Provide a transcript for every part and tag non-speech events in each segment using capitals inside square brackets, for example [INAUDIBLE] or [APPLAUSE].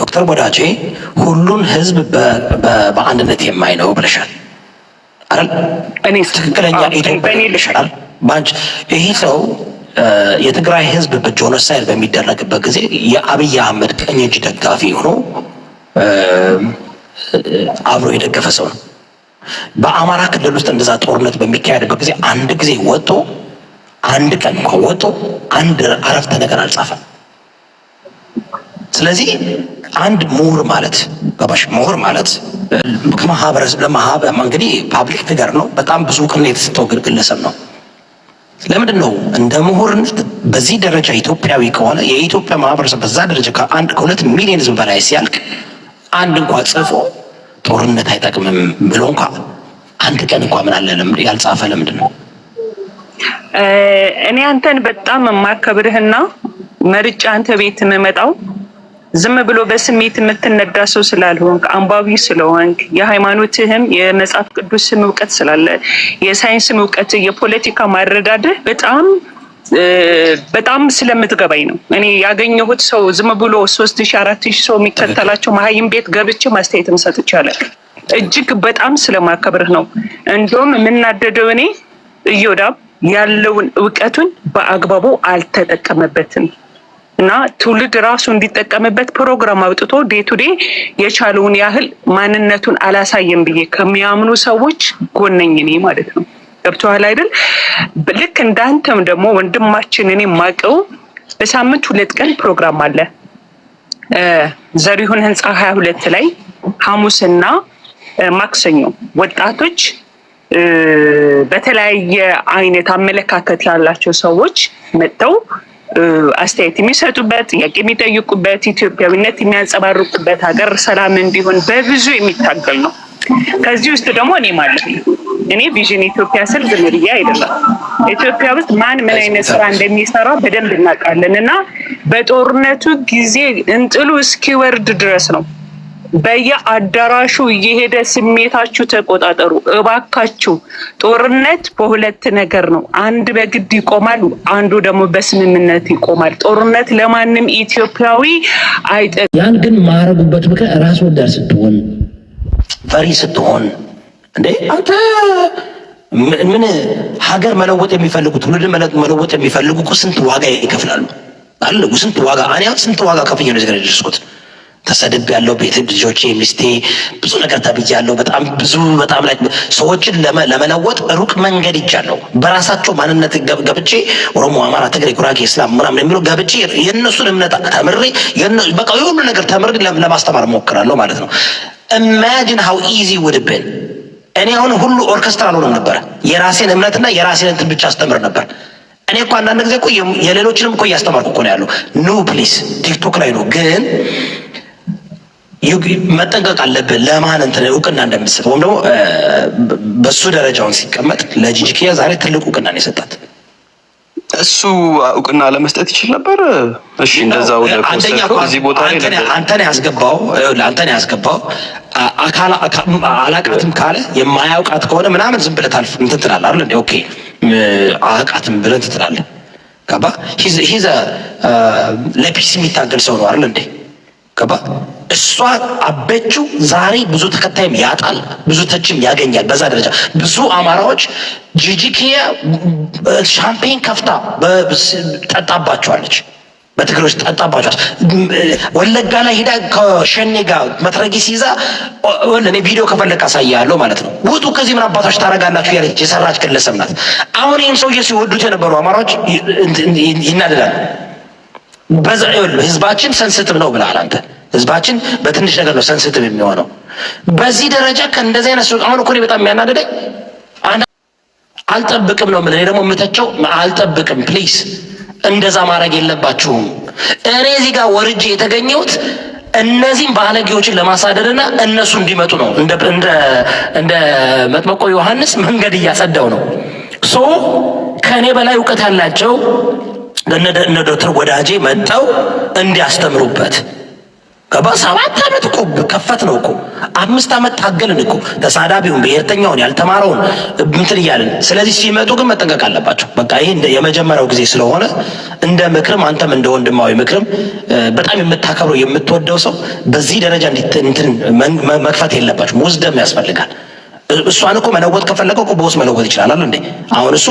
ዶክተር ወዳጄ ሁሉን ህዝብ በአንድነት የማይ ነው ብለሻል። እኔስ ትክክለኛ ልሻል ባንች ይሄ ሰው የትግራይ ህዝብ በጆኖሳይድ በሚደረግበት ጊዜ የአብይ አህመድ ቀኝ እጅ ደጋፊ ሆኖ አብሮ የደገፈ ሰው ነው። በአማራ ክልል ውስጥ እንደዛ ጦርነት በሚካሄድበት ጊዜ አንድ ጊዜ ወጦ አንድ ቀን እንኳን ወጦ አንድ አረፍተ ነገር አልጻፈም። ስለዚህ አንድ ምሁር ማለት ገባሽ? ምሁር ማለት ከማህበረሰብ ለማህበር እንግዲህ ፓብሊክ ፊገር ነው። በጣም ብዙ እውቅና የተሰጠው ግለሰብ ነው። ለምንድን ነው እንደ ምሁርነት በዚህ ደረጃ ኢትዮጵያዊ ከሆነ የኢትዮጵያ ማህበረሰብ በዛ ደረጃ ከአንድ ከሁለት ሚሊዮን ህዝብ በላይ ሲያልቅ አንድ እንኳ ጽፎ ጦርነት አይጠቅምም ብሎ እንኳ አንድ ቀን እንኳ ምን አለ ያልጻፈ ለምንድን ነው? እኔ አንተን በጣም የማከብርህና መርጫ አንተ ቤት የምመጣው ዝም ብሎ በስሜት የምትነዳ ሰው ስላልሆንክ አንባቢ ስለሆንክ የሃይማኖትህም የመጽሐፍ ቅዱስም እውቀት ስላለ የሳይንስም እውቀት የፖለቲካ ማረዳድህ በጣም በጣም ስለምትገባኝ ነው። እኔ ያገኘሁት ሰው ዝም ብሎ ሶስት ሺ አራት ሺ ሰው የሚከተላቸው መሀይም ቤት ገብቼ ማስተያየት መሰጥ ይቻላል። እጅግ በጣም ስለማከብርህ ነው። እንዲሁም የምናደደው እኔ እዮዳብ ያለውን እውቀቱን በአግባቡ አልተጠቀመበትም። እና ትውልድ ራሱ እንዲጠቀምበት ፕሮግራም አውጥቶ ዴ ቱ የቻለውን ያህል ማንነቱን አላሳየም ብዬ ከሚያምኑ ሰዎች ጎነኝ እኔ ማለት ነው። ገብቶሃል አይደል? ልክ እንዳንተም ደግሞ ወንድማችን እኔ ማቀው በሳምንት ሁለት ቀን ፕሮግራም አለ ዘሪሁን ህንፃ ሀያ ሁለት ላይ ሐሙስና ማክሰኞ ወጣቶች በተለያየ አይነት አመለካከት ላላቸው ሰዎች መጥተው አስተያየት የሚሰጡበት፣ ጥያቄ የሚጠይቁበት፣ ኢትዮጵያዊነት የሚያንጸባርቁበት ሀገር ሰላም እንዲሆን በብዙ የሚታገል ነው። ከዚህ ውስጥ ደግሞ እኔ ማለት ነው እኔ ቪዥን ኢትዮጵያ ስል ዝም ብዬ አይደለም። ኢትዮጵያ ውስጥ ማን ምን አይነት ስራ እንደሚሰራ በደንብ እናውቃለን እና በጦርነቱ ጊዜ እንጥሉ እስኪወርድ ድረስ ነው በየአዳራሹ እየሄደ ስሜታችሁ ተቆጣጠሩ እባካችሁ። ጦርነት በሁለት ነገር ነው። አንድ በግድ ይቆማል፣ አንዱ ደግሞ በስምምነት ይቆማል። ጦርነት ለማንም ኢትዮጵያዊ አይጠ ያን ግን ማረጉበት ምክንያት ራስ ወዳድ ስትሆን ፈሪ ስትሆን እንዴ አንተ ምን ሀገር መለወጥ የሚፈልጉ ትውልድ መለወጥ የሚፈልጉ ስንት ዋጋ ይከፍላሉ አለ ስንት ዋጋ እኔ ስንት ዋጋ ከፍኛ ነው እዚህ የደረስኩት ተሰድብ ያለው ቤት ልጆች ሚስቴ ብዙ ነገር ተብያለሁ። በጣም ብዙ በጣም ላይ ሰዎችን ለመለወጥ ሩቅ መንገድ ይቻለው በራሳቸው ማንነት ገብቼ ኦሮሞ፣ አማራ፣ ትግሬ፣ ጉራጌ፣ እስላም ምናምን የሚለው ገብቼ የእነሱን እምነት ተምሬ በቃ የሁሉ ነገር ተምሬ ለማስተማር ሞክራለሁ ማለት ነው። ኢማጂን ሀው ኢዚ ውድብን እኔ አሁን ሁሉ ኦርኬስትራ አልሆንም ነበር። የራሴን እምነትና የራሴን እንትን ብቻ አስተምር ነበር። እኔ እኮ አንዳንድ ጊዜ እኮ የሌሎችንም እኮ እያስተማርኩ እኮ ነው ያለው። ኑ ፕሊስ ቲክቶክ ላይ ነው ግን መጠንቀቅ አለብን። ለማን እንትን እውቅና እንደምትሰጥ ወይም ደግሞ በሱ ደረጃውን ሲቀመጥ ለጂጂኪያ ዛሬ ትልቅ እውቅና ነው የሰጣት። እሱ እውቅና ለመስጠት ይችል ነበር። እሺ እንደዛ ወደ ቦታ አንተን ያስገባው አንተን ያስገባው አላቃትም ካለ የማያውቃት ከሆነ ምናምን ዝም ብለህ ታልፍ እንትን ትላለህ አይደል? ኦኬ አላቃትም ብለህ እንትን ትላለህ። ገባ ሂዘ ለፒስ የሚታገል ሰው ነው አይደል እንዴ? ገባ እሷ አበቹ ዛሬ ብዙ ተከታይም ያጣል፣ ብዙ ተችም ያገኛል። በዛ ደረጃ ብዙ አማራዎች ጂጂኪያ ሻምፔን ከፍታ ጠጣባቸዋለች፣ በትግሮች ጠጣባቸዋለች። ወለጋ ላይ ሄዳ ከሸኔ ጋር መትረጊስ ይዛ እኔ ቪዲዮ ከፈለግ አሳያለሁ ማለት ነው። ውጡ ከዚህ ምን አባቶች ታረጋላችሁ ያለች የሰራች ግለሰብ ናት። አሁን ይህን ሰውዬ ሲወዱት የነበሩ አማራዎች ይናደዳሉ። በዛ ህዝባችን ሰንስትም ነው ብለሃል አንተ ህዝባችን በትንሽ ነገር ነው ሰንስቲቭ የሚሆነው። በዚህ ደረጃ ከእንደዚህ አይነት ሱቅ አሁን እኮ እኔ በጣም የሚያናደደኝ አልጠብቅም ነው የምልህ። እኔ ደግሞ የምተቸው አልጠብቅም፣ ፕሊስ እንደዛ ማድረግ የለባችሁም። እኔ እዚህ ጋር ወርጄ የተገኘሁት እነዚህም ባለጌዎችን ለማሳደድና እነሱ እንዲመጡ ነው። እንደ መጥምቁ ዮሐንስ መንገድ እያጸዳው ነው። ሶ ከእኔ በላይ እውቀት ያላቸው እነ ዶክተር ወዳጄ መጥተው እንዲያስተምሩበት ገባ ሰባት ዓመት እኮ ከፈት ነው እኮ አምስት ዓመት ታገልን እኮ ተሳዳቢውን ብሔርተኛውን ያልተማረውን እንትን እያልን። ስለዚህ ሲመጡ ግን መጠንቀቅ አለባቸው። በቃ ይሄ የመጀመሪያው ጊዜ ስለሆነ እንደ ምክርም አንተም እንደ ወንድማዊ ምክርም በጣም የምታከብረው የምትወደው ሰው በዚህ ደረጃ እንትን መክፈት የለባቸው። ውዝደም ያስፈልጋል። እሷን እኮ መለወጥ ከፈለገ እኮ በውስጥ መለወጥ ይችላል አይደል እንዴ? አሁን እሱ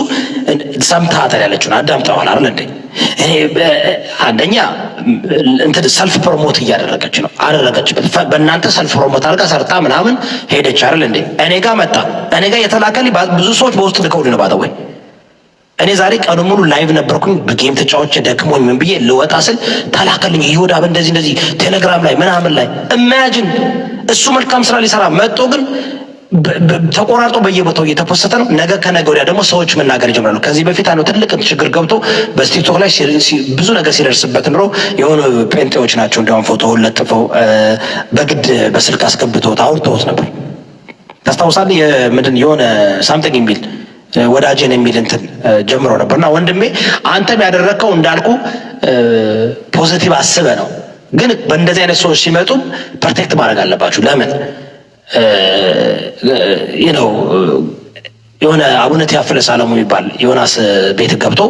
ሰምተሃታል ያለችውን አዳምጠዋል አይደል እንዴ? እኔ አንደኛ እንትን ሰልፍ ፕሮሞት እያደረገች ነው አደረገች። በእናንተ ሰልፍ ፕሮሞት አድርጋ ሰርታ ምናምን ሄደች አይደል እንዴ? እኔ ጋር መጣ። እኔ ጋር የተላከልኝ ብዙ ሰዎች በውስጥ ልከውልኝ ነው ባጠወይ እኔ ዛሬ ቀኑ ሙሉ ላይቭ ነበርኩኝ። በጌም ተጫዋች ደክሞኝ ምን ብዬ ልወጣ ስል ተላከልኝ። ይወዳብ እንደዚህ እንደዚህ ቴሌግራም ላይ ምናምን ላይ ኢማጂን እሱ መልካም ስራ ሊሰራ መጥቶ ግን ተቆራርጦ በየቦታው እየተፖሰተ ነው። ነገ ከነገ ወዲያ ደግሞ ሰዎች መናገር ይጀምራሉ። ከዚህ በፊት አንዱ ትልቅ ችግር ገብቶ በቲክቶክ ላይ ብዙ ነገር ሲደርስበት ኑሮ የሆኑ ጴንጤዎች ናቸው እንዲያውም ፎቶ ለጥፈው በግድ በስልክ አስገብተውት አውርተውት ነበር። ታስታውሳለህ? ምንድን የሆነ ሳምቲንግ የሚል ወዳጅን የሚል እንትን ጀምሮ እና ወንድሜ አንተም ያደረግከው እንዳልኩ ፖዘቲቭ አስበ ነው። ግን በእንደዚህ አይነት ሰዎች ሲመጡ ፕሮቴክት ማድረግ አለባችሁ። ለምን ነው የሆነ አቡነ ቲያፍለስ አለሙ የሚባል ዮናስ ቤት ገብቶ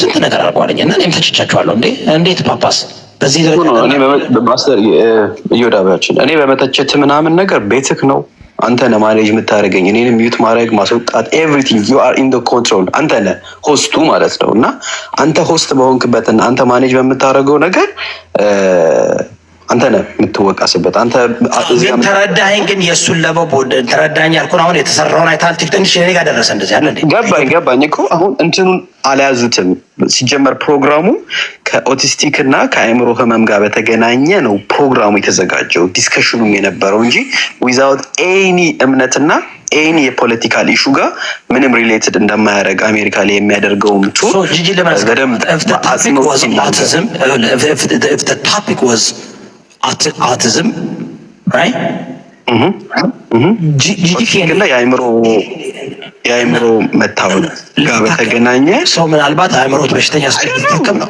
ስንት ነገር አድርጓለኝ እና እኔም ተችቻችኋለሁ። እንዴ እንዴት ፓፓስ በዚህ ማስተር እዮዳባችን እኔ በመተቸት ምናምን ነገር ቤትክ ነው አንተ ነህ ማኔጅ የምታደርገኝ እኔን ዩት ማድረግ ማስወጣት ኤቭሪቲንግ ዩ አር ኢን ኮንትሮል አንተ ነህ ሆስቱ ማለት ነው እና አንተ ሆስት በሆንክበትና አንተ ማኔጅ በምታደርገው ነገር አንተ ነህ የምትወቀስበት። አንተ ግን ተረዳኸኝ። ግን የእሱን ለበው ተረዳኸኝ ያልኩህን አሁን የተሰራውን አይተሃል። ትንሽ እኔ ጋር ደረሰ። እንደዚህ አለ ገባኝ ገባኝ እኮ አሁን እንትኑን አልያዙትም። ሲጀመር ፕሮግራሙ ከኦቲስቲክ እና ከአእምሮ ህመም ጋር በተገናኘ ነው ፕሮግራሙ የተዘጋጀው ዲስከሽኑም የነበረው እንጂ ዊዛውት ኤኒ እምነትና ኤኒ የፖለቲካል ኢሹ ጋር ምንም ሪሌትድ እንደማያደርግ አሜሪካ ላይ የሚያደርገውም ቱር በደንብ አጽንኦት ሲናገር አትዝም ራይ ጂጂሽና የአእምሮ የአእምሮ መታወቅ ጋር በተገናኘ ሰው ምናልባት አእምሮ በሽተኛ ስለሚጠቀም ነው።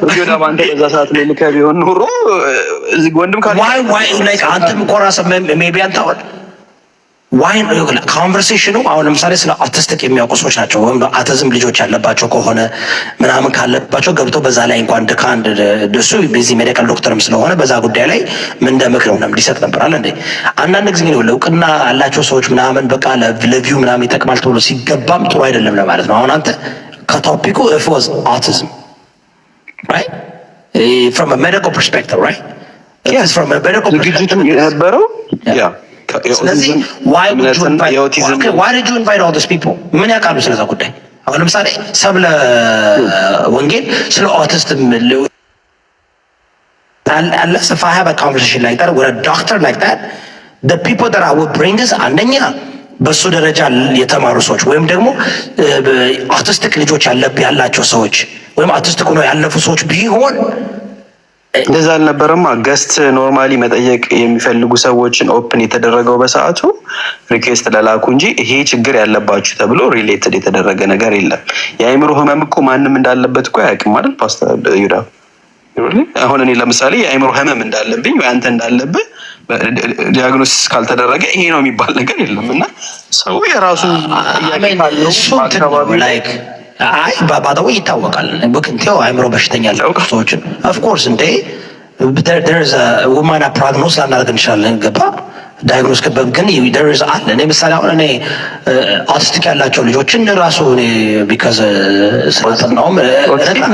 አንተ በዛ ሰዓት ላይ ልከህ ቢሆን ኖሮ ወንድም ካለ ዋይ ዋይ ላይ አንተም እኮ ራስህ ሜቢ አንተ አሁን ዋይ ካንቨርሴሽኑ oh, አሁን ለምሳሌ ስለ አርቲስቲክ የሚያውቁ ሰዎች ናቸው፣ ወይም አተዝም ልጆች ያለባቸው ከሆነ ምናምን ካለባቸው ገብተው በዛ ላይ እንኳን ድካ እንደሱ ዚ ሜዲካል ዶክተርም ስለሆነ በዛ ጉዳይ ላይ ምን እንደምክር ነው ነበር አለ እንዴ። አንዳንድ ጊዜ ግን እውቅና ያላቸው ሰዎች ምናምን በቃ ለቪው ምናምን ይጠቅማል ተብሎ ሲገባም ጥሩ አይደለም ለማለት ነው። አሁን አንተ ከቶፒኩ ኢፍ ዋዝ አውቲዝም ራይት ፍሮም ሜዲካል ፐርስፔክቲቭ ራይት ዝግጅቱ የነበረው ስለዚህ ምን ያውቃሉ ስለዛ ጉዳይ? አሁን ለምሳሌ ሰብለ ወንጌል ስለ ኦቲስም አንደኛ በሱ ደረጃ የተማሩ ሰዎች ወይም ደግሞ አውቲስቲክ ልጆች ያላቸው ሰዎች ወይም አውቲስቲክ ሆነው ያለፉ ሰዎች ቢሆን እንደዛ አልነበረማ። ገስት ኖርማሊ መጠየቅ የሚፈልጉ ሰዎችን ኦፕን የተደረገው በሰዓቱ ሪኩዌስት ለላኩ እንጂ ይሄ ችግር ያለባችሁ ተብሎ ሪሌትድ የተደረገ ነገር የለም። የአይምሮ ህመም እኮ ማንም እንዳለበት እኮ አያውቅም አይደል? ፓስተር ዩዳ? አሁን እኔ ለምሳሌ የአይምሮ ህመም እንዳለብኝ ወይ አንተ እንዳለብህ ዲያግኖሲስ ካልተደረገ ይሄ ነው የሚባል ነገር የለም እና ሰው የራሱ ጥያቄ ካለው አካባቢ አይ ባባታዊ ይታወቃል። በክንቴው አእምሮ በሽተኛ ሊያውቅ ሰዎችን ኦፍኮርስ እንዴ ውማና ፕራግኖስ ላናደርግ እንችላለን ገባ ዳይግኖስ ከበብ ግን ደርዝ አለ። እኔ ምሳሌ አሁን እኔ አውቲስቲክ ያላቸው ልጆችን ራሱ እኔ ቢካዝ ስራጠናውም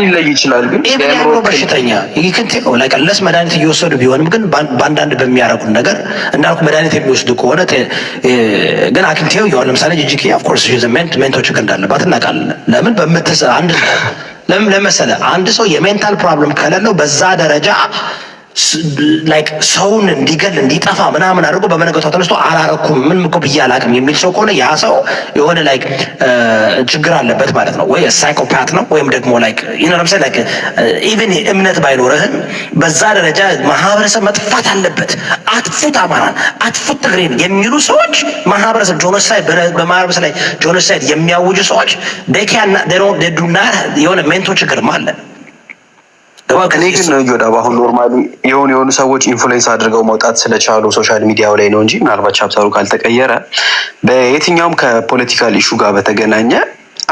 ሊለይ ይችላል። ግን ሮ በሽተኛ ይክንቴ ነው ላይ ቀለስ መድኃኒት እየወሰዱ ቢሆንም ግን በአንዳንድ በሚያደርጉት ነገር እንዳልኩ መድኃኒት የሚወስዱ ከሆነ ግን አክንቴው የሆን ለምሳሌ ጅጅኪ ኦፍኮርስ ሜንቶ ችግር እንዳለባት እናውቃለን። ለምን በምትስ አንድ ለምን ለመሰለ አንድ ሰው የሜንታል ፕሮብለም ከሌለው በዛ ደረጃ ላይክ ሰውን እንዲገል እንዲጠፋ ምናምን አድርጎ በመነገቷ ተነስቶ አላረኩም ምንም እኮ ብዬ አላቅም የሚል ሰው ከሆነ ያ ሰው የሆነ ላይክ ችግር አለበት ማለት ነው፣ ወይ ሳይኮፓት ነው ወይም ደግሞ ላይክ ይነረምሰ ላይክ ኢቨን እምነት ባይኖርህም በዛ ደረጃ ማህበረሰብ መጥፋት አለበት፣ አጥፉት አማራን፣ አጥፉት ትግሬን የሚሉ ሰዎች ማህበረሰብ ጆኖሳይድ በማህበረሰብ ላይ ጆኖሳይድ የሚያውጁ ሰዎች ዴካና የሆነ ሜንቶ ችግርም አለ። እኔ ግን ነው እዮዳብ አሁን ኖርማሊ የሆኑ የሆኑ ሰዎች ኢንፍሉዌንስ አድርገው መውጣት ስለቻሉ ሶሻል ሚዲያው ላይ ነው እንጂ ምናልባት ቻፕተሩ ካልተቀየረ በየትኛውም ከፖለቲካል ኢሹ ጋር በተገናኘ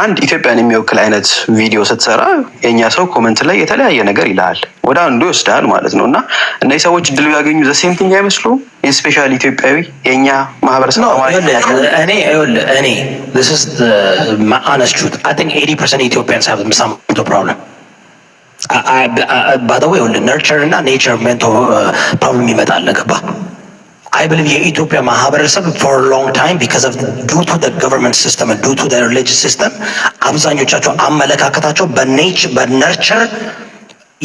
አንድ ኢትዮጵያን የሚወክል አይነት ቪዲዮ ስትሰራ የእኛ ሰው ኮመንት ላይ የተለያየ ነገር ይልሃል፣ ወደ አንዱ ይወስዳል ማለት ነው። እና እነዚህ ሰዎች ድል ያገኙ ዘሴም ቲንግ አይመስሉም። ስፔሻል ኢትዮጵያዊ የእኛ ማህበረሰብ እኔ እኔ ኢትዮጵያን ባተወ ይሁን ነርቸር እና ኔቸር ሜንቶ ፕሮብለም ይመጣል። ገባ አይ ብሊቭ የኢትዮጵያ ማህበረሰብ ፎር ሎንግ ታይም ቢካዝ ኦፍ ዱ ቱ ደ ገቨርንመንት ሲስተም ዱ ቱ ደ ሪሊጅስ ሲስተም አብዛኞቻቸው አመለካከታቸው በኔቸር በነርቸር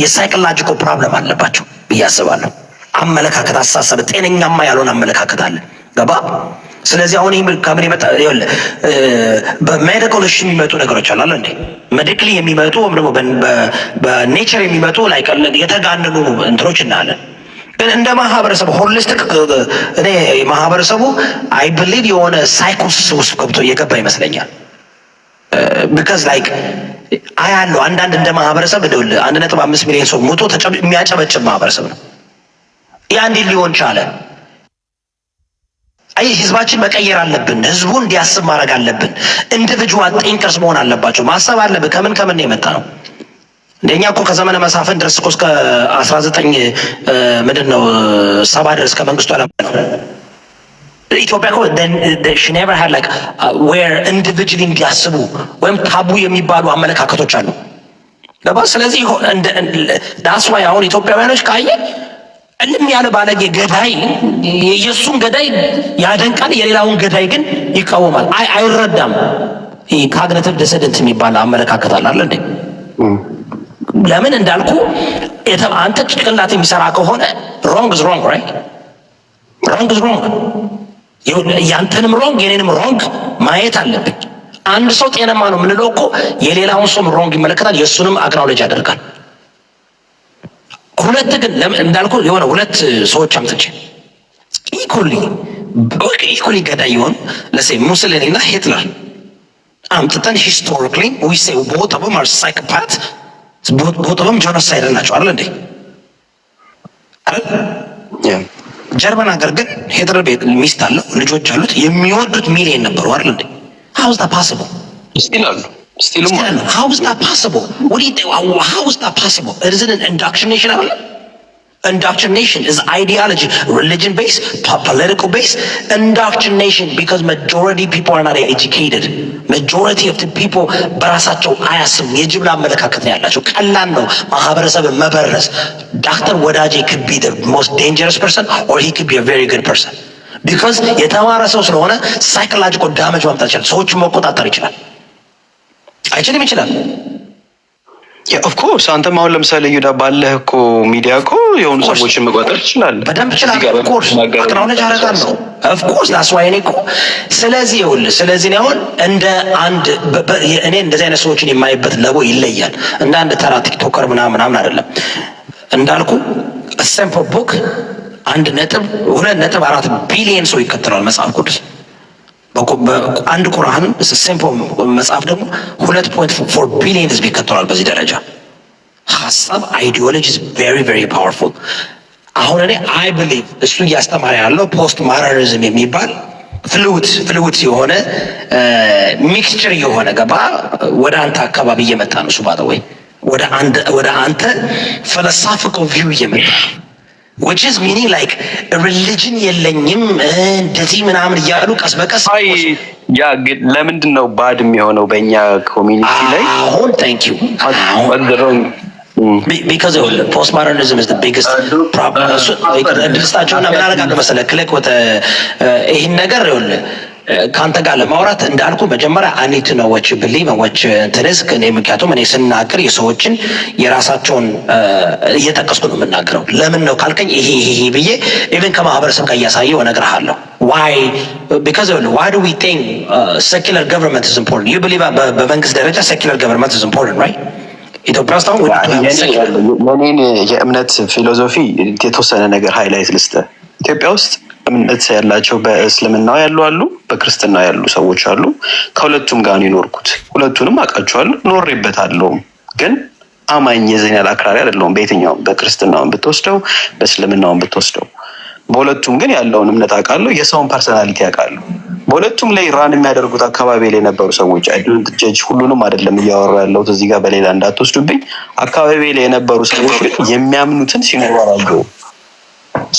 የሳይኮሎጂካል ፕሮብለም አለባቸው ብዬ አስባለሁ። አመለካከት አሳሰብ ጤነኛማ ያልሆነ አመለካከት አለ ገባ ስለዚህ አሁን ከምን የመጣ በሜዲካሎሽ የሚመጡ ነገሮች አሉ አለ እንዴ? ሜዲካሊ የሚመጡ ወይም ደግሞ በኔቸር የሚመጡ ላይ የተጋነኑ እንትኖች እናያለን። ግን እንደ ማህበረሰብ ሆሊስቲክ እኔ ማህበረሰቡ አይ ብሊቭ የሆነ ሳይኮሲስ ውስጥ ገብቶ እየገባ ይመስለኛል። ቢካዝ ላይክ አያለው አንዳንድ እንደ ማህበረሰብ ደውል አንድ ነጥብ አምስት ሚሊዮን ሰው ሞቶ የሚያጨበጭብ ማህበረሰብ ነው። ያ እንዴት ሊሆን ቻለ? አይ ህዝባችን መቀየር አለብን። ህዝቡ እንዲያስብ ማድረግ አለብን። ኢንዲቪጁዋል ቲንከርስ መሆን አለባቸው። ማሰብ አለብን። ከምን ከምን የመጣ ነው? እንደኛ እኮ ከዘመነ መሳፍን ድረስ እኮ እስከ 19 ምንድን ነው ሰባ ድረስ ከመንግስቱ አለ ኢትዮጵያ እኮ ሽኔቨር ሀድ ላይክ ዌር ኢንዲቪጅሊ እንዲያስቡ ወይም ታቡ የሚባሉ አመለካከቶች አሉ። ስለዚህ ዳስ ዋይ አሁን ኢትዮጵያውያኖች ካየ እንም ያለ ባለጌ ገዳይ የኢየሱስን ገዳይ ያደንቃል፣ የሌላውን ገዳይ ግን ይቃወማል። አይ አይረዳም። ይሄ ካግነቲቭ ዲሰደንስ የሚባል አመለካከት አለ አይደል? ለምን እንዳልኩ አንተ ጭቅላት የሚሰራ ከሆነ ሮንግ ዝ ሮንግ ራይት ሮንግ ዝ ሮንግ፣ ያንተንም ሮንግ የኔንም ሮንግ ማየት አለብኝ። አንድ ሰው ጤነማ ነው የምንለው እኮ የሌላውን ሰው ሮንግ ይመለከታል፣ የእሱንም አግናውሌጅ ያደርጋል። ሁለት ግን ለምን እንዳልኩ የሆነ ሁለት ሰዎች አምጥቼ ኢኮሊ ኢኮሊ ገዳይ የሆኑ ለሴ ሙሶሊኒ እና ሂትለር አምጥተን ሂስቶሪካሊ ዊሴ ቦት ኦፍ አር ሳይኮፓት ቦት ኦፍ ጆኖሳይድ ናቸው አይደል እንዴ? ጀርመን ሀገር ግን ሂትለር ቤት ሚስት አለው ልጆች አሉት የሚወዱት ሚሊየን ነበሩ አይደል እንዴ? ሀውዝ ፓስብል አሉ Still, how is that possible? What do you think? How is that possible? Isn't it indoctrination? Indoctrination is ideology, religion based, po political based. Indoctrination because majority people are not educated. Majority of the people በራሳቸው አያስም የጅምላ አመለካከት ነው ያላቸው። ቀላል ነው ማህበረሰብን መበረስ። ዶክተር ወዳጄ could be the most dangerous person or he could be a very good person because የተማረ ሰው ስለሆነ ሳይኮሎጂካል ዳመጅ ማምጣት ይችላል። ሰዎች መቆጣጠር ይችላል። አይችልም ይችላል። ኦፍኮርስ አንተም አሁን ለምሳሌ ዩዳ ባለህ እኮ ሚዲያ እኮ የሆኑ ሰዎችን መቆጠር ይችላል። በደንብ ትችላለህ። ኦፍኮርስ አቅናውነች አረጋል ነው ኦፍኮርስ ላስዋይኔ እኮ ስለዚህ ይሁን ስለዚህ ነው አሁን እንደ አንድ እኔ እንደዚህ አይነት ሰዎችን የማይበት ለቦ ይለያል። እንደ አንድ ተራ ቲክቶከር ምናምን ምናምን አይደለም እንዳልኩ ሰምፖ ቡክ አንድ ነጥብ ሁለት ነጥብ አራት ቢሊየን ሰው ይከተላል መጽሐፍ ቅዱስ አንድ ቁርአን ሲምፖል መጽሐፍ ደግሞ ሁለት ፖይንት ፎር ቢሊዮን ህዝብ ይከተሏል። በዚህ ደረጃ ሀሳብ አይዲዮሎጂ ቬሪ ቬሪ ፓወርፉል። አሁን እኔ አይ ብሊቭ እሱ እያስተማረ ያለው ፖስት ማራሪዝም የሚባል ፍሉት ፍሉት የሆነ ሚክስቸር የሆነ ገባ ወደ አንተ አካባቢ እየመጣ ነው። ሱባተ ወይ ወደ አንተ ፈለሳፊካል ቪው እየመጣ ነው። ዊች ኢዝ ሚኒንግ ላይክ ሪሊጅን የለኝም እንደዚህ ምናምን እያሉ ቀስ በቀስ ያ ግን ለምንድን ነው ባድ የሚሆነው በእኛ ኮሚኒቲ ላይ? አሁን ታንክ ዩ ቢካዝ ፖስት ሞደርኒዝም ኢዝ ዘ ቢግስት ፕሮብለም። እድል ስጣቸውና ምን አደርጋለሁ መሰለህ ክለክ ወተ ይህን ነገር ይኸውልህ ከአንተ ጋር ለማውራት እንዳልኩ መጀመሪያ አኒት ነው ወች ብሊ ወች ትንስክ እኔ ምክንያቱም እኔ ስናገር የሰዎችን የራሳቸውን እየጠቀስኩ ነው የምናገረው። ለምን ነው ካልከኝ ይሄ ይሄ ብዬ ኢቨን ከማህበረሰብ ጋር እያሳየው እነግርሃለሁ። ዋይ ቢካዝ ዋይ ዱ ዊ ቲንክ ሴኪለር ገቨርንመንት ኢዝ ኢምፖርታንት ዩ ቢሊቭ በመንግስት ደረጃ ሴኪለር ገቨርንመንት ኢዝ ኢምፖርታንት ራይት ኢትዮጵያ ውስጥ አሁን የእኔን የእምነት ፊሎሶፊ የተወሰነ ነገር ሃይላይት ልስጥህ ኢትዮጵያ ውስጥ እምነት ያላቸው በእስልምና ያሉ አሉ፣ በክርስትና ያሉ ሰዎች አሉ። ከሁለቱም ጋር ነው የኖርኩት። ሁለቱንም አውቃቸዋለሁ፣ ኖሬበታለሁም። ግን አማኝ የዚህን አክራሪ አይደለሁም። በየትኛውም በክርስትናውን ብትወስደው፣ በእስልምናውን ብትወስደው፣ በሁለቱም ግን ያለውን እምነት አውቃለሁ፣ የሰውን ፐርሰናሊቲ አውቃለሁ። በሁለቱም ላይ ራን የሚያደርጉት አካባቢ ላይ የነበሩ ሰዎች ጀጅ ሁሉንም አይደለም እያወራ ያለሁት እዚህ ጋር በሌላ እንዳትወስዱብኝ። አካባቢ ላይ የነበሩ ሰዎች ግን የሚያምኑትን ሲኖራሉ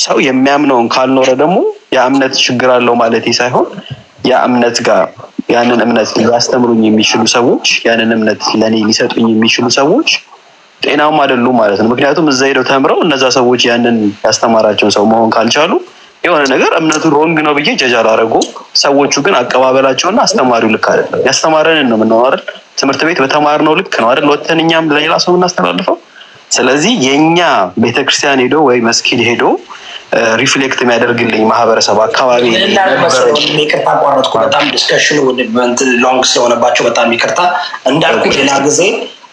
ሰው የሚያምነውን ካልኖረ ደግሞ የእምነት ችግር አለው ማለት ሳይሆን የእምነት ጋር ያንን እምነት ሊያስተምሩኝ የሚችሉ ሰዎች ያንን እምነት ለእኔ ሊሰጡኝ የሚችሉ ሰዎች ጤናውም አይደሉም ማለት ነው። ምክንያቱም እዛ ሄደው ተምረው እነዛ ሰዎች ያንን ያስተማራቸውን ሰው መሆን ካልቻሉ የሆነ ነገር እምነቱ ሮንግ ነው ብዬ ጀጅ አላደረጉም። ሰዎቹ ግን አቀባበላቸውና አስተማሪው ልክ አይደለም። ያስተማረንን ነው የምንሆነው አይደል? ትምህርት ቤት በተማርነው ልክ ነው አይደል? ወተን እኛም ለሌላ ሰው የምናስተላልፈው ስለዚህ የእኛ ቤተክርስቲያን ሄዶ ወይ መስጊድ ሄዶ ሪፍሌክት የሚያደርግልኝ ማህበረሰብ አካባቢ ይቅርታ አቋረጥኩ። በጣም ዲስከሽኑ ሎንግ ስለሆነባቸው በጣም ይቅርታ እንዳልኩ ሌላ ጊዜ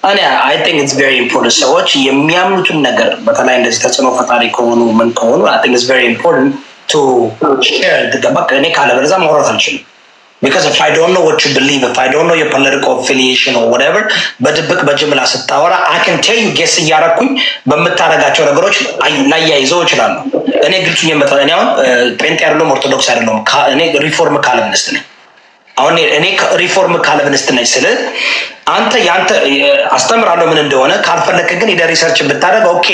እኔ አይ ቲንክ ኢትስ ቬሪ ኢምፖርታንት ሰዎች የሚያምኑትን ነገር በተለይ እንደዚህ ተጽዕኖ ፈጣሪ ከሆኑ ምን ከሆኑ አይ ቲንክ ኢትስ ቬሪ ኢምፖርታንት ቱ ሼር። እኔ ካለበለዚያ ማውራት አልችልም። ቢካዝ ኢፍ አይ ዶንት ኖ ዋት ዩ ቢሊቭ ኢፍ አይ ዶንት ኖ ዮር ፖለቲካል አፊሊዬሽን ኦር ዋትኤቨር በድብቅ በጅምላ ስታወራ አይ ካን ቴል ዩ ጌስ እያረኩኝ በምታረጋቸው ነገሮች ላያይዘው እችላለሁ። እኔ ግልጹ የመጣ እኔ አሁን ጴንጤ አይደለሁም፣ ኦርቶዶክስ አይደለሁም። እኔ ሪፎርም ካልቪኒስት ነኝ። አሁን እኔ ሪፎርም ካልቪኒስት ነኝ ስል አንተ ያንተ አስተምራለሁ ምን እንደሆነ ካልፈለክ ግን ሄደህ ሪሰርች ብታደርግ ኦኬ፣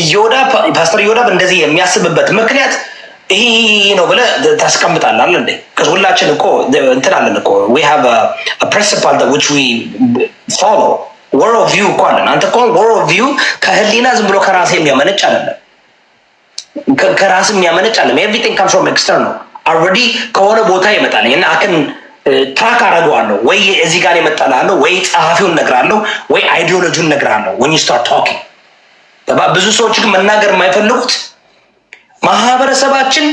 እዮዳብ ፓስተር እዮዳብ እንደዚህ የሚያስብበት ምክንያት ይሄ ነው ብለ ታስቀምጣለህ አይደል እንዴ? ሁላችን እኮ እንትን አለን እኮ we have a, a principle that which we follow world view እኮ አለን። አንተ እኮ world view ከህሊና ዝም ብሎ ከራሴ የሚያመነጭ አይደለም፣ ከራስ የሚያመነጭ አይደለም። everything comes from external already ከሆነ ቦታ ይመጣል እና አክን ትራክ አደርገዋለሁ ወይ እዚህ ጋር ይመጣላለሁ ወይ ጸሐፊውን እነግርሃለሁ ወይ አይዲዮሎጂውን እነግርሃለሁ when you start talking ብዙ ሰዎች ግን መናገር የማይፈልጉት ማህበረሰባችን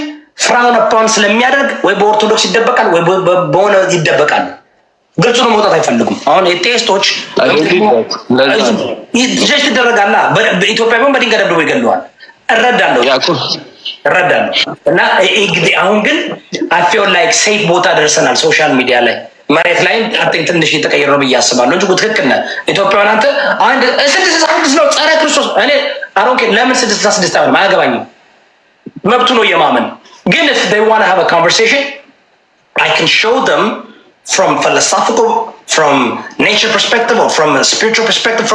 ፍራውን አፓውን ስለሚያደርግ ወይ በኦርቶዶክስ ይደበቃል ወይ በሆነ ይደበቃል። ግልጹ ነው። መውጣት አይፈልጉም። አሁን የቴስቶች ጀጅ ትደረጋላ። በኢትዮጵያ ቢሆን በድንጋይ ደብድቦ ይገለዋል። እረዳለሁ እረዳለሁ። እና አሁን ግን አፌውን ላይ ሴፍ ቦታ ደርሰናል። ሶሻል ሚዲያ ላይ መሬት ላይ ትንሽ የተቀየረ ነው ብዬ አስባለሁ እንጂ ትክክል ነህ። ኢትዮጵያውያን አንተ ስድስት ስድስት ነው ጸረ ክርስቶስ እኔ አሮንኬ ለምን ስድስት ስድስት አይሆንም? አያገባኝም መብቱ ነው የማመን። ግን if they want to have a conversation I can show them from philosophical from nature perspective or from a spiritual perspective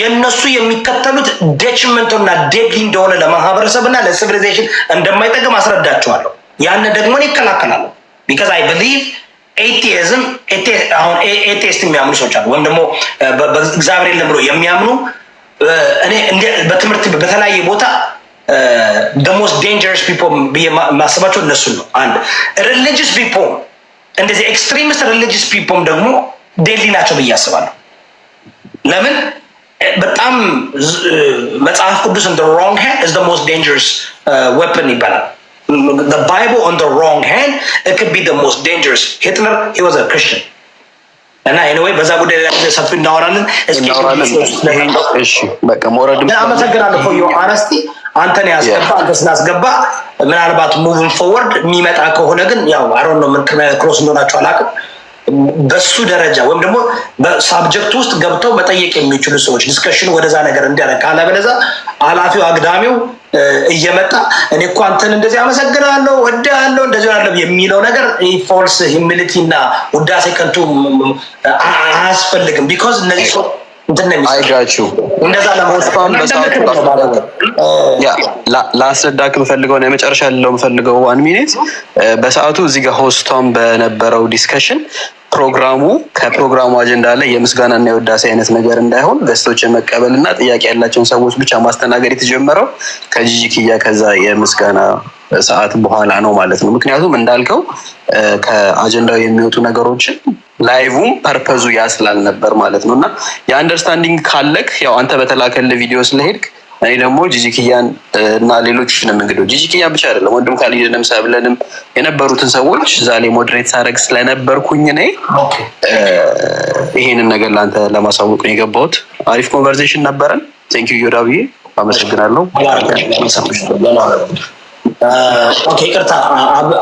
የእነሱ የሚከተሉት ዴችመንቶ እና ዴድሊ እንደሆነ ለማህበረሰብ እና ለሲቪሊዜሽን እንደማይጠቅም አስረዳቸዋለሁ። ያንን ደግሞ ይከላከላሉ ይከላከላለሁ። ቢካዝ አይ ብሊቭ ኤቲዝም አሁን ኤቲስት የሚያምኑ ሰዎች አሉ፣ ወይም ደግሞ እግዚአብሔር የለም ብሎ የሚያምኑ እኔ በትምህርት በተለያየ ቦታ ሞስት ዴንጀረስ ፒፖ ብዬ ማሰባቸው እነሱን ነው። አንድ ሪሊጅስ ፒፖ እንደዚህ ኤክስትሪሚስት ሪሊጅስ ፒፖም ደግሞ ዴሊ ናቸው ብዬ አስባለሁ። ለምን በጣም መጽሐፍ ቅዱስ ን ሮንግ ሃንድ ኢዝ ሞስት ዴንጀረስ ዌፐን ይባላል። ባይብል ን ሮንግ ሃንድ ክድ ቢ ሞስት ዴንጀረስ። ሂትለር ሂ ዋዝ ክርስቲያን እና ኤኒዌይ በዛ ጉዳይ ላይ ሰፊ እናወራለን። እስኪ በቃ መውረድ አመሰግናለሁ ፎር ዮር አነስቲ አንተን ያስገባ አንተ ስላስገባ ምናልባት ሙቭን ፎወርድ የሚመጣ ከሆነ ግን ያው አሮን ነው ክሮስ እንደሆናቸው አላውቅም። በሱ ደረጃ ወይም ደግሞ በሳብጀክት ውስጥ ገብተው መጠየቅ የሚችሉ ሰዎች ዲስከሽኑ ወደዛ ነገር እንዲያደርግ፣ አለበለዛ አላፊው አግዳሚው እየመጣ እኔ እኮ አንተን እንደዚህ አመሰግናለሁ ወዳለሁ እንደዚህ አለ የሚለው ነገር ፎልስ ሂሚሊቲ እና ውዳሴ ከንቱ አያስፈልግም ቢኮዝ እነዚህ ላስረዳክ የምፈልገው የመጨረሻ ያለው የምፈልገው ዋን ሚኒት በሰዓቱ እዚህ ጋር ሆስቷን በነበረው ዲስከሽን ፕሮግራሙ ከፕሮግራሙ አጀንዳ ላይ የምስጋናና የወዳሴ አይነት ነገር እንዳይሆን ገስቶች መቀበል እና ጥያቄ ያላቸውን ሰዎች ብቻ ማስተናገድ የተጀመረው ከጂጂክያ ከዛ የምስጋና ሰዓት በኋላ ነው ማለት ነው። ምክንያቱም እንዳልከው ከአጀንዳው የሚወጡ ነገሮችን ላይቭም ፐርፐዙ ያ ስላልነበር ማለት ነው። እና የአንደርስታንዲንግ ካለክ ያው አንተ በተላከለ ቪዲዮ ስለሄድክ እኔ ደግሞ ጂጂክያን እና ሌሎችንም እንግዲህ ጂጂክያን ብቻ አይደለም ወንድም ካልሄደንም ሰብለንም የነበሩትን ሰዎች እዛ ላይ ሞዴሬት ሳደርግ ስለነበርኩኝ እኔ ይሄንን ነገር ለአንተ ለማሳወቅ ነው የገባሁት። አሪፍ ኮንቨርሴሽን ነበረን። ዩ ዮዳብዬ፣ አመሰግናለሁ። ኦኬ፣ ይቅርታ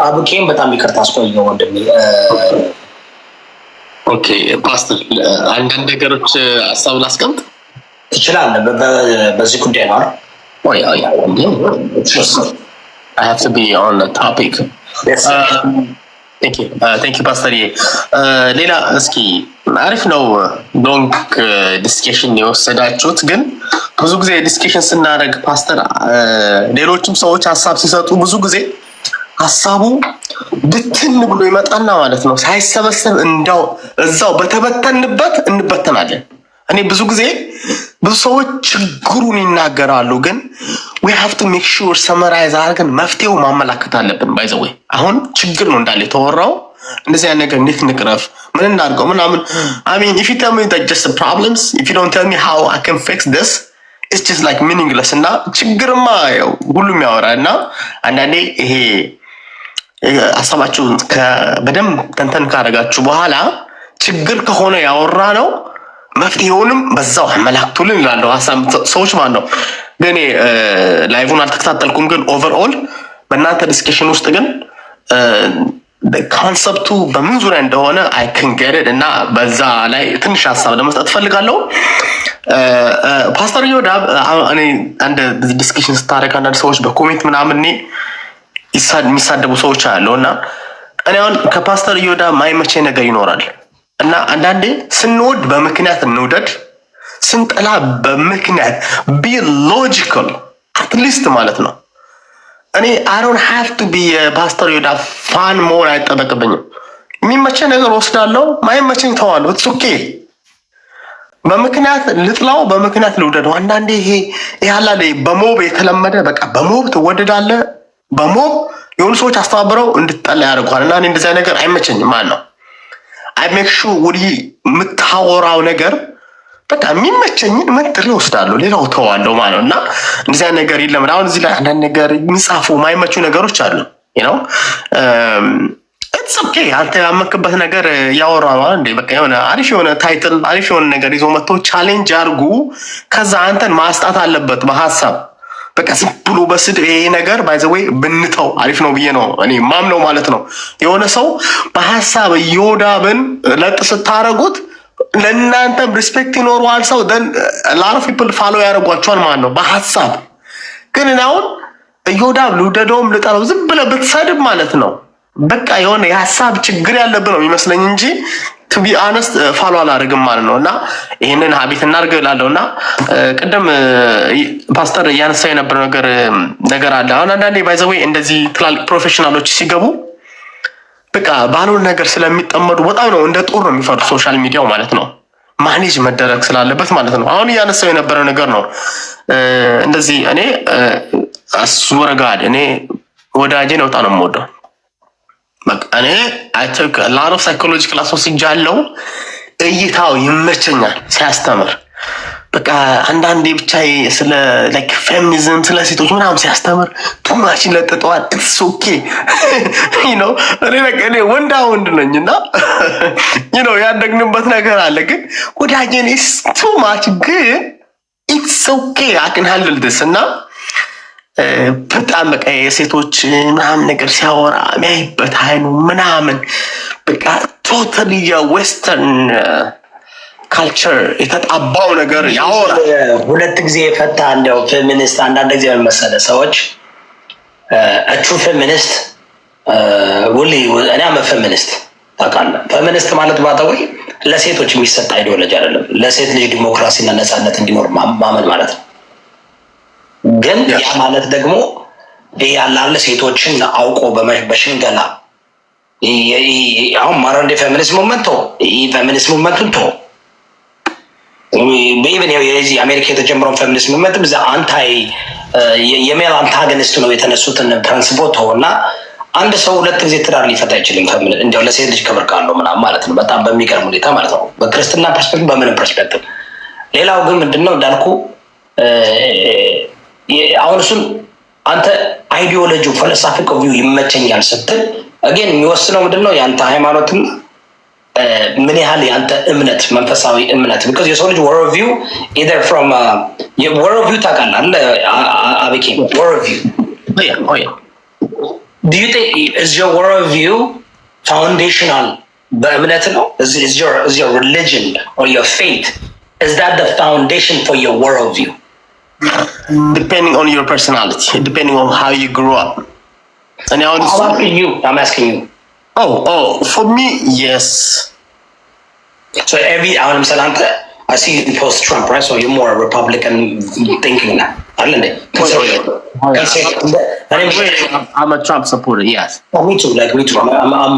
አብቄም በጣም ይቅርታ አስቆየው ወንድሜ። ኦኬ ፓስተር፣ አንዳንድ ነገሮች ሀሳብ ላስቀምጥ ትችላለህ? በዚህ ጉዳይ ነው አይደል? ቴንክ ዩ ሌላ እስኪ አሪፍ ነው ሎንግ ዲስኬሽን uh, የወሰዳችሁት። ግን ብዙ ጊዜ ዲስኬሽን ስናደርግ ፓስተር፣ uh, ሌሎችም ሰዎች ሀሳብ ሲሰጡ ብዙ ጊዜ ሀሳቡ ብትን ብሎ ይመጣና ማለት ነው ሳይሰበሰብ እንዳው እዛው በተበተንበት እንበተናለን። እኔ ብዙ ጊዜ ብዙ ሰዎች ችግሩን ይናገራሉ፣ ግን ዊ ሃቭ ቱ ሜክ ሹር ሰመራይዝ አድርገን መፍትሄው ማመላከት አለብን። ባይዘ ወይ አሁን ችግር ነው እንዳለ የተወራው እንደዚህ አይነት ነገር እንዴት ንቅረፍ፣ ምን እናድርገው ምናምን አሚን ኢፍ ዩ ቴል ሚ ጀስት ፕሮብለምስ ኢፍ ዩ ዶንት ቴል ሚ አይ ካን ፊክስ ዲስ ኢትስ ጀስት ላይክ ሚኒንግለስ እና ችግርማ ሁሉም ያወራል። እና አንዳንዴ ይሄ ሀሳባችሁን በደንብ ተንተን ካደረጋችሁ በኋላ ችግር ከሆነ ያወራ ነው መፍትሄውንም በዛው አመላክቱልን ይላለሁ። ሀሳብ ሰዎች ማለት ነው። ግን ላይቭን አልተከታተልኩም፣ ግን ኦቨርኦል በእናንተ ዲስከሽን ውስጥ ግን ኮንሰፕቱ በምን ዙሪያ እንደሆነ አይ ክንገደድ እና በዛ ላይ ትንሽ ሀሳብ ለመስጠት እፈልጋለሁ። ፓስተር ዮዳብ እኔ አንድ ዲስከሽን ስታደርግ አንዳንድ ሰዎች በኮሜንት ምናምን የሚሳደቡ ሰዎች አያለው እና እኔ አሁን ከፓስተር ዮዳብ ማይመቼ ነገር ይኖራል እና አንዳንዴ ስንወድ በምክንያት እንውደድ፣ ስንጠላ በምክንያት ቢ ሎጂካል አትሊስት ማለት ነው። እኔ አሮን ሀፍቱ ቱ ቢ የፓስተር ዮዳ ፋን መሆን አይጠበቅብኝም። የሚመቸኝ ነገር ወስዳለው፣ ማይመቸኝ ተዋሉ። ትሱኬ በምክንያት ልጥላው፣ በምክንያት ልውደደው። አንዳንዴ ይሄ ያላ በሞብ የተለመደ በቃ በሞብ ትወደዳለ፣ በሞብ የሆኑ ሰዎች አስተባብረው እንድትጠላ ያደርጓል። እና እኔ እንደዚያ ነገር አይመቸኝም ማለት ነው። አይሜክሹ ውዲ የምታወራው ነገር በቃ የሚመቸኝን መንጥሬ ወስዳለሁ፣ ሌላው ተዋለሁ ማለት ነው። እና እንደዚያ ነገር የለም። አሁን እዚህ ላይ አንዳንድ ነገር የሚጻፉ የማይመቹ ነገሮች አሉ um, ነው ኦኬ አንተ ያመክበት ነገር ያወራ ማለት እንዴ በቃ የሆነ አሪፍ የሆነ ታይትል አሪፍ የሆነ ነገር ይዞ መጥቶ ቻሌንጅ አድርጉ። ከዛ አንተን ማስጣት አለበት በሀሳብ በቃ ዝም ብሎ በስድብ ይሄ ነገር ባይዘወይ ብንተው አሪፍ ነው ብዬ ነው እኔ ማምነው ማለት ነው። የሆነ ሰው በሀሳብ እዮዳብን ለጥ ስታረጉት ለእናንተም ሪስፔክት ይኖረዋል። ሰው ደን ላር ፒፕል ፋሎ ያደርጓቸዋል ማለት ነው በሀሳብ ግን አሁን እዮዳብ ልውደደውም ልጠለው ዝም ብለህ ብትሰድብ ማለት ነው በቃ የሆነ የሀሳብ ችግር ያለብህ ነው የሚመስለኝ እንጂ ቱቢ አነስት ፋሎ አላደርግም ማለት ነው እና ይህንን ሀቢት እናድርገው እላለሁ እና ቅድም ፓስተር እያነሳ የነበረው ነገር ነገር አለ። አሁን አንዳንዴ ባይዘወይ እንደዚህ ትላልቅ ፕሮፌሽናሎች ሲገቡ በቃ ባልሆን ነገር ስለሚጠመዱ በጣም ነው እንደ ጦር ነው የሚፈሩ ሶሻል ሚዲያው ማለት ነው። ማኔጅ መደረግ ስላለበት ማለት ነው። አሁን እያነሳው የነበረ ነገር ነው። እንደዚህ እኔ አስወረጋድ እኔ ወዳጄን ወጣ ነው የምወደው። እኔ ላሮ ሳይኮሎጂ ክላስ ወስጃለሁ። እይታው ይመቸኛል ሲያስተምር በቃ አንዳንዴ ብቻ ስለ ፌሚኒዝም ስለ ሴቶች ምናምን ሲያስተምር ቱማችን ለጥጠዋል። ኢትስ ኦኬ ነው። እኔ ወንዳ ወንድ ነኝ እና ነው [LAUGHS] ያደግንበት ነገር አለ። ግን ወዳጄን ቱማች ግን ኢትስ ኦኬ አቅንሃልል ደስ እና በጣም በቃ የሴቶች ምናምን ነገር ሲያወራ የሚያይበት አይኑ ምናምን በቃ ቶታሊ የዌስተርን ካልቸር የተጣባው ነገር ያወራል። ሁለት ጊዜ የፈታ እንደው ፌሚኒስት አንዳንድ ጊዜ መመሰለ ሰዎች እቹ ፌሚኒስት ውል እኔ አመ ፌሚኒስት ታውቃለህ። ፌሚኒስት ማለት ባታዊ ለሴቶች የሚሰጥ አይዲዮሎጂ አይደለም። ለሴት ልጅ ዲሞክራሲና ነፃነት እንዲኖር ማመን ማለት ነው። ግን ያ ማለት ደግሞ ያላለ ሴቶችን አውቆ በሽንገላ አሁን ማረንዴ ፌሚኒስት ሙመንት ቶ ፌሚኒስት ሙመንቱን ቶ ኢቨን የዚህ አሜሪካ የተጀመረውን ፌሚኒስት ሙቭመንት እዛ አንታይ የሜል አንታገኒስት ነው የተነሱትን ፕሪንስፖቶ እና አንድ ሰው ሁለት ጊዜ ትዳር ሊፈታ አይችልም። እንዲያው ለሴት ልጅ ክብር ካለው ምናምን ማለት ነው። በጣም በሚገርም ሁኔታ ማለት ነው። በክርስትና ፐርስፔክቲቭ፣ በምንም ፐርስፔክቲቭ። ሌላው ግን ምንድነው እንዳልኩ አሁን እሱን አንተ አይዲዮሎጂ ፍልሳፊ ቪው ይመቸኛል ስትል ግን የሚወስነው ምንድነው የአንተ ሃይማኖትና ምን ያህል የአንተ እምነት መንፈሳዊ እምነት ቢኮዝ የሰው ልጅ ወርቪው ኢዘር ፍሮም ወርቪው ታውቃለህ አቤኬ ወርቪው oh, oh, is your worldview foundational በእምነት ነው is your is your religion or your faith is that the foundation for your worldview depending on your personality depending on how you grew up and now I'm asking you I'm asking you Oh, oh, for me, yes. So every አሁን ah, ለምሳሌ I see you post Trump, right? So you're more a Republican thinking now. Oh, I'm a Trump supporter, yes. Oh, me too, like me too. I'm, I'm, I'm,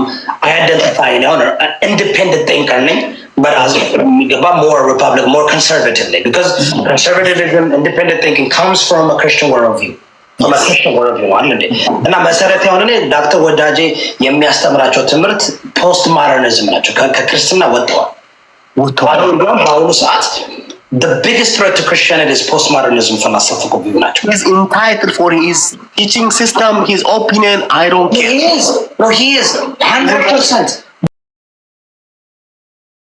I identify, you know, an independent thinker but as የሚገባ more Republican, more conservative because mm-hmm. conservatism, independent thinking comes from a Christian worldview. እና መሰረት የሆነ ዳክተር ወዳጄ የሚያስተምራቸው ትምህርት ፖስት ሞደርኒዝም ናቸው። ከክርስትና ወጥተዋል ወጥተዋል። እንዲያውም በአሁኑ ሰዓት ቢግስት ትሬት ክርስቲያኒቲ ፖስት ሞደርኒዝም ፈላሰፍኩ ቢሉ ናቸው። ኢንታይትል ፎር ሂዝ ቲቺንግ ሲስተም ሂዝ ኦፒኒየን አይ ዶንት ኬር